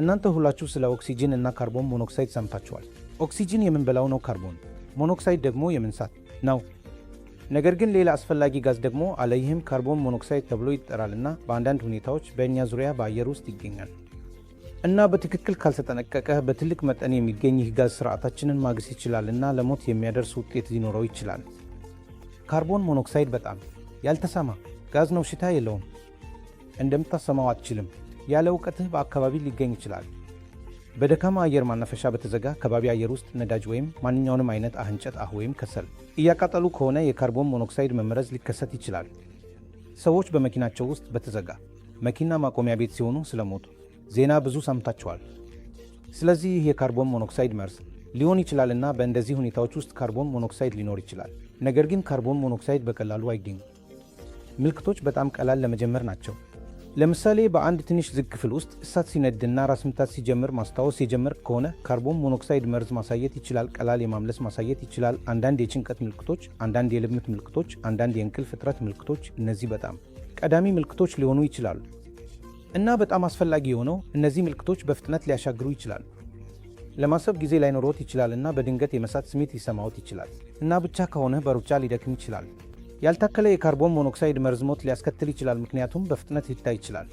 እናንተ ሁላችሁ ስለ ኦክሲጅን እና ካርቦን ሞኖክሳይድ ሰምታችኋል። ኦክሲጅን የምንበላው ነው። ካርቦን ሞኖክሳይድ ደግሞ የምንሳት ነው። ነገር ግን ሌላ አስፈላጊ ጋዝ ደግሞ አለ። ይህም ካርቦን ሞኖክሳይድ ተብሎ ይጠራል እና በአንዳንድ ሁኔታዎች በእኛ ዙሪያ በአየር ውስጥ ይገኛል እና በትክክል ካልተጠነቀቀ በትልቅ መጠን የሚገኝ ይህ ጋዝ ስርዓታችንን ማግስ ይችላል እና ለሞት የሚያደርስ ውጤት ሊኖረው ይችላል። ካርቦን ሞኖክሳይድ በጣም ያልተሰማ ጋዝ ነው። ሽታ የለውም። እንደምታሰማው አትችልም። ያለ እውቀትህ በአካባቢ ሊገኝ ይችላል። በደካማ አየር ማናፈሻ በተዘጋ ከባቢ አየር ውስጥ ነዳጅ ወይም ማንኛውንም አይነት እንጨት አህ ወይም ከሰል እያቃጠሉ ከሆነ የካርቦን ሞኖክሳይድ መመረዝ ሊከሰት ይችላል። ሰዎች በመኪናቸው ውስጥ በተዘጋ መኪና ማቆሚያ ቤት ሲሆኑ ስለሞቱ ዜና ብዙ ሰምታችኋል። ስለዚህ ይህ የካርቦን ሞኖክሳይድ መርዝ ሊሆን ይችላል እና በእንደዚህ ሁኔታዎች ውስጥ ካርቦን ሞኖክሳይድ ሊኖር ይችላል። ነገር ግን ካርቦን ሞኖክሳይድ በቀላሉ አይገኙም። ምልክቶች በጣም ቀላል ለመጀመር ናቸው። ለምሳሌ በአንድ ትንሽ ዝግ ክፍል ውስጥ እሳት ሲነድና ራስ ምታት ሲጀምር ማስታወስ የጀመር ከሆነ ካርቦን ሞኖክሳይድ መርዝ ማሳየት ይችላል። ቀላል የማምለስ ማሳየት ይችላል። አንዳንድ የጭንቀት ምልክቶች፣ አንዳንድ የልምት ምልክቶች፣ አንዳንድ የእንቅልፍ እጥረት ምልክቶች፣ እነዚህ በጣም ቀዳሚ ምልክቶች ሊሆኑ ይችላሉ እና በጣም አስፈላጊ የሆነው እነዚህ ምልክቶች በፍጥነት ሊያሻግሩ ይችላሉ። ለማሰብ ጊዜ ላይኖሮት ይችላል እና በድንገት የመሳት ስሜት ሊሰማዎት ይችላል እና ብቻ ከሆነ በሩጫ ሊደክም ይችላል። ያልታከለ የካርቦን ሞኖክሳይድ መርዝ ሞት ሊያስከትል ይችላል፣ ምክንያቱም በፍጥነት ሊታይ ይችላል።